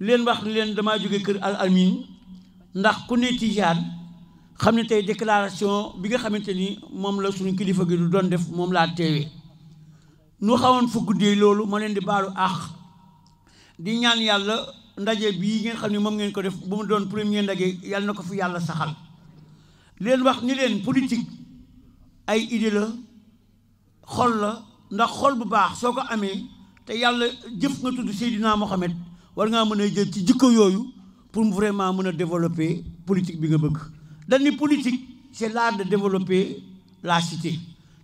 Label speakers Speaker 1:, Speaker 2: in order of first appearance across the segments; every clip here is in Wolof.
Speaker 1: leen wax leen damaa jóge kër al amin ndax ku ne tijaan xam ne tey déclaration bi nga xamante ni moom la suñu kilifa gi du doon def moom laa teewee nu xawoon fa guddee loolu ma leen di baalu àq di ñaan yàlla ndaje bii ngeen xam ne moom ngeen ko def bu mu doon premier ndaje yàlla na ko fi yàlla saxal leen wax ni leen politique ay idée la xool la ndax xool bu baax soo ko amee te yàlla jëf nga tudd Seydina Mohamed war ngaa mën a jël ci jikko yooyu pour vraiment mën a développer politique bi nga bëgg dañ ni politique c'est l'art de la cité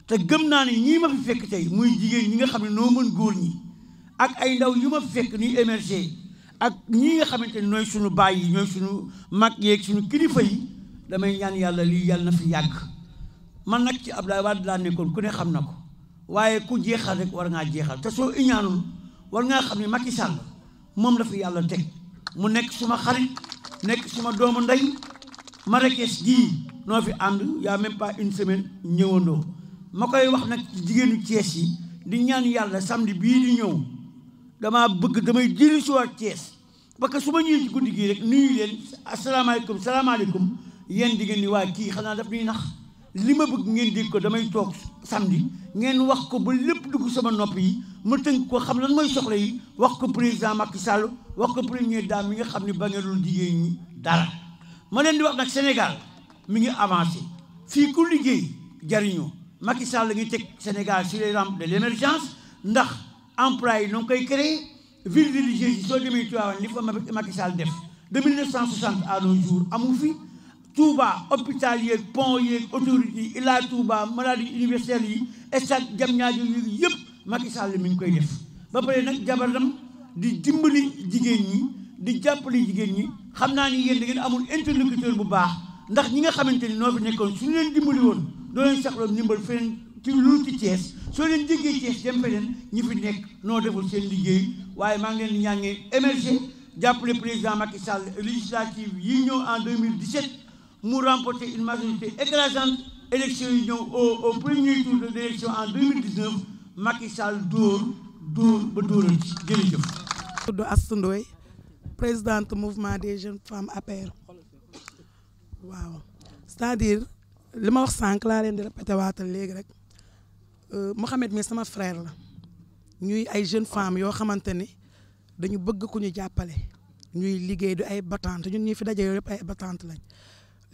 Speaker 1: te gëm naa ne ñii ma fi fekk tey muy jigéen ñi nga xam ne noo mën góor ñi ak ay ndaw yu ma fekk ñuy émerger ak ñi nga xamante ne ñooy suñu baay yi ñooy suñu mag yeeg suñu kilifa yi damay ñaan yàlla lii yàlla na fi yàgg man nag ci Abdoulaye Wade laa nekkoon ku ne xam na ko waaye ku jeexal rek war ngaa jeexal te soo iñaanul war ngaa xam ne mag Macky Sall moom la yàlla teg mu nekk suma xarit nekk suma doomu ndey Marrakech gii noo fi ànd yaa même pas une semaine ñëwandoo ma koy wax nag jigéenu Thiès yi di ñaan yàlla samedi bii di ñëw damaa bëgg damay jëli suwaat Thiès parce que su ma ñëwee ci guddi gii rek nuyu leen asalaamaaleykum salaamaaleykum yéen di ngeen ni waa kii xanaa daf ñuy nax li ma bëgg ngeen dégg ko damay toog samedi ngeen wax ko ba lépp dugg sama nopp yi ma tënk ko xam lan mooy soxla yi wax ko président Macky Sall wax ko première dame mi nga xam ne ba ngeenul liggéey ñi dara ma leen di wax nag Sénégal mi ngi avancé fii ku liggéey jariñoo Macky Sall ngi teg Sénégal sur les rampes de l'émergence ndax emploi yi noo koy créé ville religieuse yi soo demee Tivaouane li fa Macky Sall def de 1960 à nos jours amu fi Touba hôpital yeeg pont yeeg autorité yi Ila Touba maladie universelle yi stade ñaa yi yëpp Macky Sall mi ngi koy def ba pare nag jabaram di dimbali jigéen ñi di jàppale jigéen ñi xam naa ni yéen da ngeen amul interlocuteur bu baax ndax ñi nga xamante ni noo fi nekkoon suñu leen dimbali woon doo leen saxloon ndimbal feneen ci lu ci Thiès soo leen jéggee Thiès dem feneen ñi fi nekk noo deful seen liggéey waaye maa ngeen ñaa di ñaan ngeen émerger jàppale président Macky Sall yi ñëw en 2017 mu remporté une majorité écrasante élection yi ñëw au premier tour de l'élection en 2019 Macky Sall dóor dóor ba dóoral ci jërëjëf. tudd Astou Ndoye
Speaker 2: présidente mouvement des jeunes femmes APR waaw c'est-à-dire li ma wax sànq laa leen di répété waatal léegi rek euh, Mouhamed mi sama frère la ñuy ay jeunes femmes yoo xamante ne dañu bëgg ku ñu jàppale ñuy liggéey du ay battante ñun ñi fi daje yooyu yëpp ay battante lañ.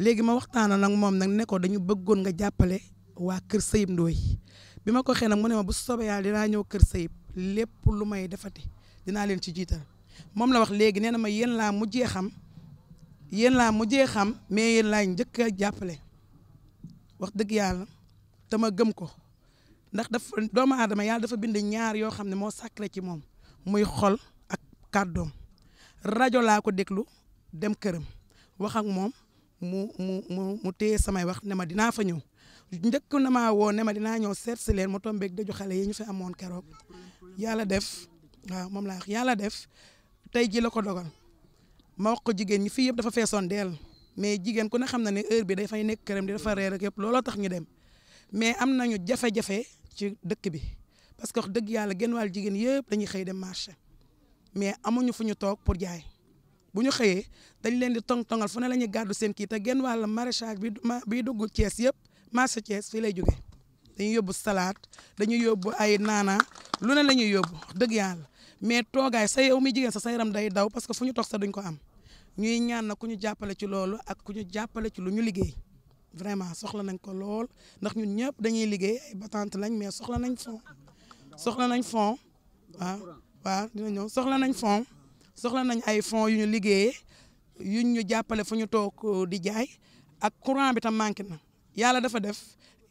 Speaker 2: léegi ma waxtaana nag moom nag ne ko dañu bëggoon nga jàppale waa kër Sayib Ndoye bi ma ko xee nag mu ne ma bu soobee yàlla dinaa ñëw kër Sayib lépp lu may defati dinaa leen ci jiital moom la wax léegi nee na ma yéen laa mujjee xam yéen laa mujjee xam mais yéen laa njëkk a jàppale wax dëgg yàlla te gëm ko ndax dafa doomu aadama yàlla dafa bind ñaar yoo xam ne moo sàkkale ci moom muy xol ak kàddoom rajo laa ko déglu dem këram wax ak moom mu mu mu mu téye samay wax ne ma dinaa fa ñëw njëkk na maa woo ne ma dinaa ñëw seet si leen ma tombeeg daju xale yi ñu fi amoon keroog yàlla def waaw moom laa wax yàlla def tey ji la ko dogal ma wax ko jigéen ñi fii yëpp dafa feesoon del mais jigéen ku ne xam na ne heure bi day fay nekk këram di dafa reer ak yëpp looloo tax ñu dem mais am nañu jafe-jafe ci dëkk bi parce que wax dëgg yàlla genn wàll jigéen yëpp dañuy xëy dem marché mais amuñu fu ñu toog pour jaay bu ñu xëyee dañ leen di tong-tongal la ñuy gàddu seen kii te genn wàll maraîchage bi bi dugg Thiès yëpp marché Thiès fii lay jóge dañuy yóbbu salade dañuy yóbbu ay naana lu ne la yóbbu dëgg yàlla mais toogaay sa mi jigéen sa sa day daw parce que fu ñu toog sa duñ ko am ñuy ñaan ku ñu jàppale ci loolu ak ku ñu jàppale ci lu ñu liggéey vraiment soxla nañ ko lool ndax ñun ñëpp dañuy liggéey ay batante lañ mais soxla nañ fond soxla nañ fond waaw waaw dina ñëw soxla nañ fond soxla nañu ay fonds yu ñu liggéeyee yu ñu jàppale fu ñu toog uh, di jaay ak courant bi tam manqué na yàlla dafa def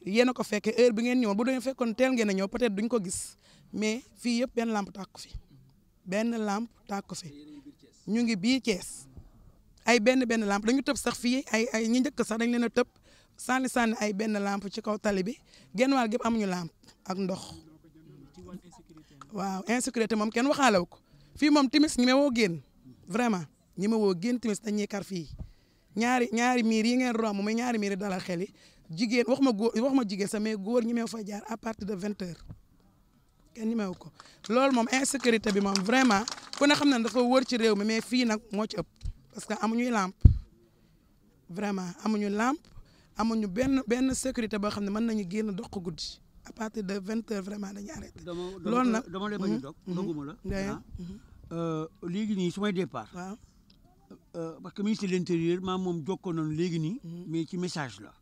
Speaker 2: yéen a ko fekkee heure bi ngeen ñëwoon bu doon fekkoon teel ngeen a ñëw peut-être duñ ko gis mais fii yëpp benn lamp tàkku fi benn lampe tàkku fi ñu ngi biir Thiès ay benn benn lampe dañu tëb sax fii ay ay ñi njëkk sax dañ leen a tëb sànni sànni ay benn lampe ci kaw tali bi genn wàll gépp amuñu lampe ak ndox waaw insécurité moom kenn waxaalew ko fii moom timis ñi ma woo génn vraiment ñi ma woo génn timis dañuy kar fii ñaari ñaari miir yi ngeen romb mais ñaari miir yi dalal xel yi jigéen wax ma góor wax ma jigéen sax mais góor ñi ma fa jaar à partir de vingt heures kenn ñi woo ko loolu moom insécurité bi moom vraiment ku ne xam ne dafa wër ci réew mi mais fii nag moo ci ëpp parce que amuñuy lampe vraiment amuñu am amuñu benn benn sécurité boo xam ne mën nañu génn dox guddi à partir de vingt heures vraiment dañuy arrêté.
Speaker 1: loolu nag dama lay bañ a dog mhm, doguma la. Mhm, ah. mhm, euh, léegi nii su may départ. waaw euh, parce que ministre de l'intérieur ma moom jokkoo noonu léegi nii. ci message la.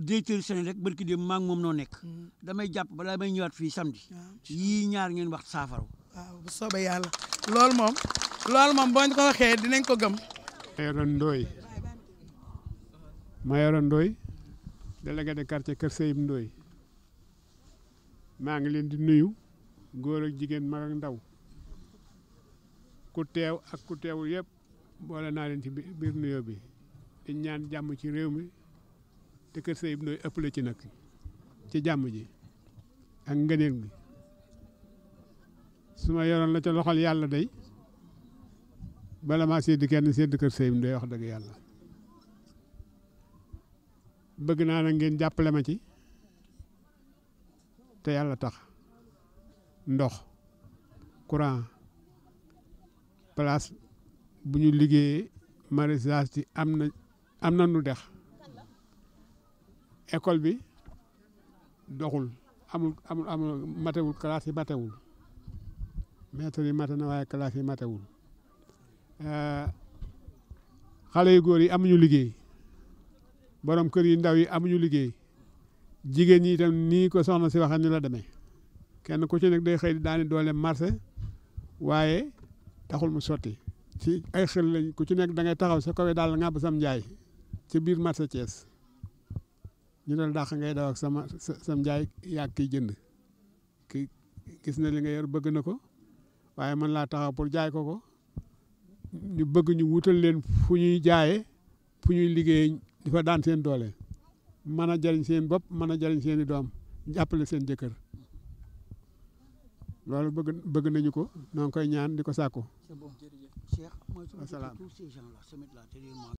Speaker 1: directeur Sénélec rek dem maa ngi moom noo nekk. damay jàpp balaa may ñëwaat fii samedi. yii ñaar ngeen wax saafara. waaw
Speaker 2: bu soobee yàlla lool moom. loolu
Speaker 3: moom boo ñu ko waxee dinañ ko gëm. Mayoro Ndoye Mayoro Ndoye délégué de quartier Kër Seyib Ndoye maa ngi leen di nuyu góor ak jigéen ma ak ndaw ku teew ak ku teewul yëpp boole naa leen ci biir nuyoo bi di ñaan jàmm ci réew mi te kër Sëriñ ëpp ëppale ci nag ci jàmm ji ak ngëneel gi su ma yoroon la ca loxol yàlla day bala maa sedd kenn sedd kër Sëriñ Ibnu wax dëgg yàlla bëgg naa na ngeen jàppale ma ci te yàlla tax ndox courant place bu ñu liggéeye maraîchage ci am na am na nu dex école bi doxul amul amul amul matewul classe yi matewul maître yi mate na waaye classe yi matewul xale yu góor yi amuñu liggéey borom kër yi ndaw yi amuñu liggéey jigéen ñi itam nii ko soxna si waxee ni la demee kenn ku ci nekk day xëy di daani doole marché waaye taxul mu sotti ci ay xel lañ ku ci nekk dangay taxaw sa kawe daal ngàbb sam njaay ci biir marché Thiès ñu ne dàq ngay daw ak sama sam njaay yàgg kiy jënd ki gis na li nga yor bëgg na ko waaye man laa taxaw pour jaay ko ko ñu bëgg ñu wutal leen fu ñuy jaaye fu ñuy liggéeyee di fa daan seen doole. mën a jëriñ seen bopp mën a jëriñ seen i doom jàppale seen jëkkër loolu bëgg bëgg nañu ko noo ngi koy ñaan di ko sàkku.
Speaker 1: asalaam.